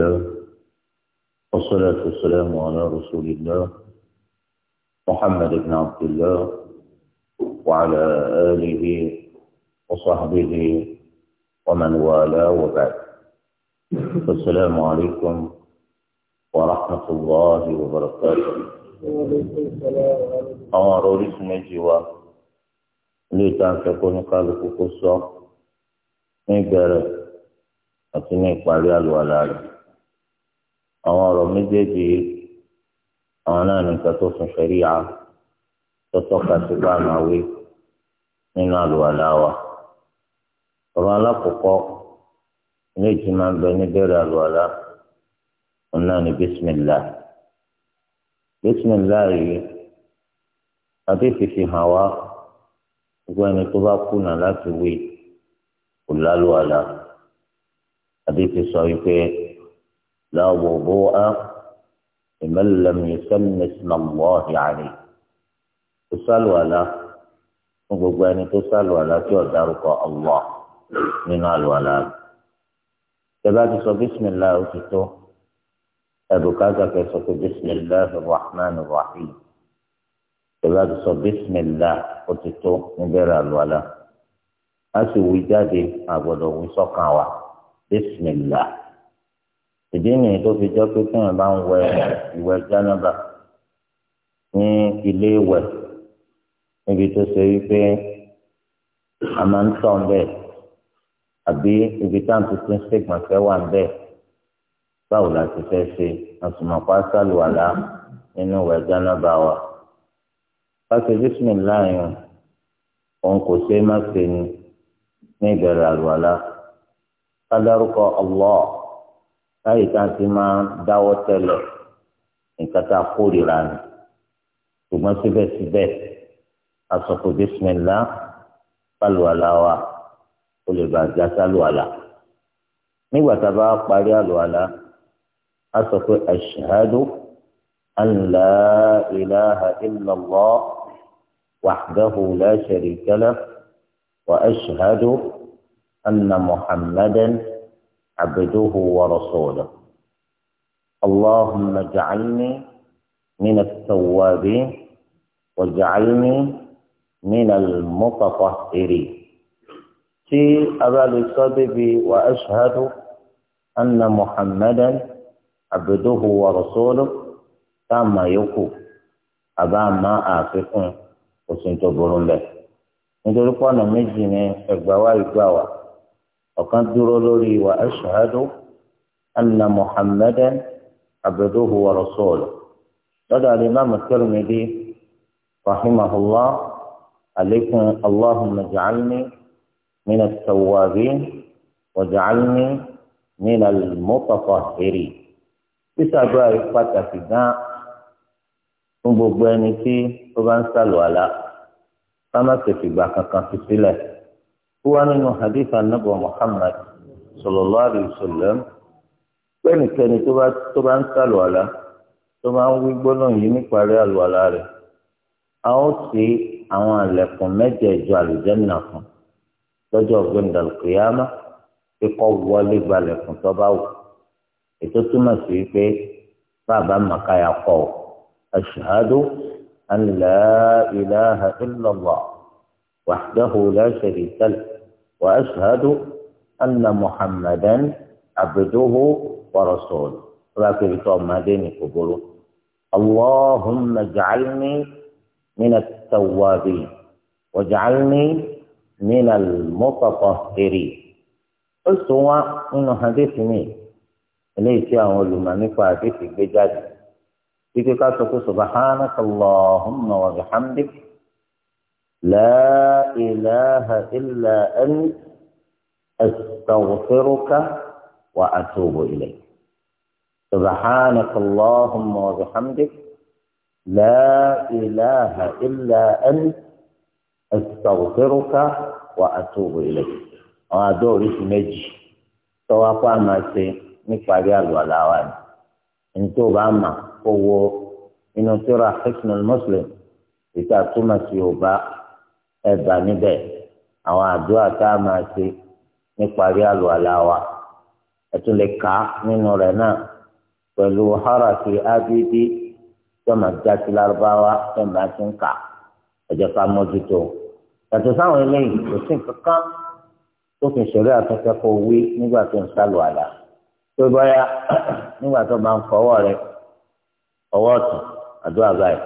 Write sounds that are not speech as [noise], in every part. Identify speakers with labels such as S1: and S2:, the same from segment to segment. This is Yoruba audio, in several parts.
S1: الله والصلاة والسلام على رسول الله محمد بن عبد الله وعلى آله وصحبه ومن والاه وبعد السلام عليكم ورحمة الله وبركاته وعليكم السلام orísun méjì wa ilé ìtànṣẹ́ kó ní kálukú kó sọ àwọn ọ̀rọ̀ méjèèjì àwọn náà nìkan tó fún ṣẹ̀ríà tó tọ́ka sí báàmù àwé nínú àlùwàlá wa ọ̀rọ̀ alákọ̀ọ́kọ́ ilé ìjìmá ń bẹ níbẹ̀rẹ̀ àlùwàlá òun náà ní bísímìlá bísímìlá yìí àti fífi hàn wá gbogbo ẹni tó bá kùnà láti wí kò lálùwàlá àti fi sọ wípé. لا وضوء لمن لم يسمى اسم الله عليه وسالولا gbogbo ẹni tó sálùwàlá tí ó dárúkọ allah nínú àlùwàlá rẹ tẹ́lá ti sọ bísímìlá ó ti tó ẹ̀bùkátà kẹ́ sọ pé bísímìlá rahman rahim tẹ́lá ti sọ bísímìlá ó ti tó níbẹ̀rẹ̀ àlùwàlá a sì wí jáde àgbọ̀dọ̀ wí sọ́kàn wa bísímìlá ìdí nìyí tó fi jẹ́ pé téèyàn bá ń wẹ ìwẹ̀ jánábà ní ilé ìwẹ̀ níbi tó ṣe wípé a máa ń tọ̀ bẹ́ẹ̀ àbí ibi tá à ń tuntun ṣègbọ̀nsẹ̀ wà bẹ́ẹ̀ báwo la ti fẹ́ ṣe àsùnmọ̀pá sálùwàlá nínú ìwẹ̀ jánábà wa pàṣẹ bísímìláì òun kò ṣe é má ṣe ni ní ìbẹ̀rẹ̀ àlùwàlá ká dárúkọ Allah láyé tá a ti máa dáwọ́ tẹ́lẹ̀ nǹkan tá a kórìíra ni ṣùgbọ́n síbẹ̀síbẹ̀ asọ̀kò bísímẹ́lá pàlùwàlà wa ó lè bàjẹ́ sálùwàlà nígbà tá a bá parí àlùwàlà a sọ pé ashhadu an la ilaha illallah wahdahu la sharika lah عبده ورسوله اللهم اجعلني من التوابين واجعلني من المتطهرين في أبا الصدب وأشهد أن محمدا عبده ورسوله كما يقول أبا ما آفكم وسنتظرون به nítorí pọ́nà méjì ni ẹgbàá wa ìgbà wa ọ̀kan dúró lórí wa ashhadu anna muhammadan abduhu wa rasuluhu lọ́dọ̀ alimami Tirmidhi rahimahullah alaykum allahumma ja'alni min at-tawwabin wa ja'alni min al-mutatahhirin sísàdúrà yìí pàtàkì gan fún gbogbo ẹni tí ó bá ń sàlùwàlà ká má ṣe fìgbà kankan fi sílẹ̀ ó wá nínú hadith anabu muhammad sallallahu alayhi wa sallam pẹ́ẹ́nìkẹ́ni tó bá tó bá ń sàlù àlá tó bá ń wí gbólóhùn yìí níparí àlù àlá rẹ̀ a ó ṣí àwọn àlẹ̀kùn mẹ́jẹ̀ẹ̀jọ àlùjẹ́nà fún lọ́jọ́ gbẹ̀ndàlù kìyàmá kíkọ́ wọlé gbalẹ̀kùn tó bá wù ètò túmọ̀ sí pé bàbá màkàyà kọ̀ ọ́ ashhadu an la ilaha illallah wahdahu la وأشهد أن محمدا عبده ورسوله ولكن توم مديني قبوله اللهم اجعلني من التوابين واجعلني من المتطهرين قلت هو من حديث مين إليك يا علماء فحديث بجد في كتابك سبحانك اللهم وبحمدك لا إله إلا أنت أستغفرك وأتوب إليك سبحانك اللهم وبحمدك لا إله إلا أنت أستغفرك وأتوب إليك وأدور اسمك توافع ما سي يالو على الولاوان انتو باما هو إنو ترى حسن المسلم إذا تمسي بقى ẹ níbẹ̀ àwọn àdúrà tá a máa ṣe níparí wa ẹ lè kà á nínú rẹ̀ náà pẹ̀lú háràkì ábídí yọmọ jáde lárúbáwá yọmọ àti ń kà ẹ ká mójútó yàtọ̀ sáwọn eléyìí kò sí kankan tó fi ṣeré àtúnṣe kó wí nígbà tó ń sálùwàlá tó báyà [clears throat] nígbà tó bá ń fọwọ́ rẹ̀ ọwọ́ ọ̀tún àdúrà báyìí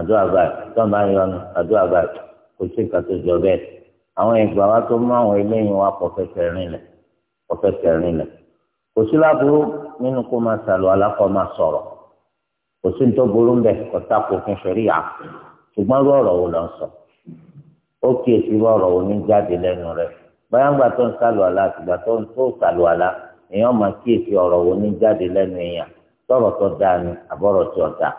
S1: ọwọ́ ọ̀tún kò sí nǹkan tó jọ bẹ́ẹ̀ àwọn ìgbà wa tó mú àwọn eléyìí wa kò fẹsẹ̀ rìn lẹ̀ kò fẹsẹ̀ rìn lẹ̀ kò sí láburú nínú kó máa sàlù alákọ̀ máa sọ̀rọ̀ kò sí ní tó burú ń bẹ̀ kò tako fún ṣẹ̀ríà ṣùgbọ́n rú ọ̀rọ̀ wo lọ sọ ó kí èsì rú ọ̀rọ̀ wo ní jáde lẹ́nu rẹ̀ báyà tó ń sàlù àlá àtìgbà tó ń tó sàlù àlá èèyàn máa kíyèsí ọ̀rọ̀ wo ní jáde lẹ́nu èèyàn tọ̀rọ̀ tó dáa ni àbọ̀rọ̀ tó dáa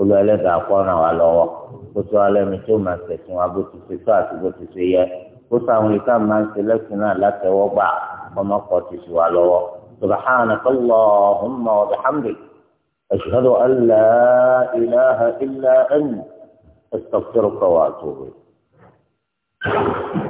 S1: olú ẹlẹ́dàá kọ́ràn wa lọ́wọ́ kó tó alẹ́nu tó máa tẹ̀sìn wa bó ti ṣe tó àti bó ti ṣe yẹ kó sáwọn ìta máa ń ṣe lẹ́sìn náà látẹ̀wọ́gbà ọmọ kọ́ ti ṣe wa lọ́wọ́ سبحانك اللهم وبحمدك أشهد أن لا إله إلا أنت أستغفرك وأتوب إليك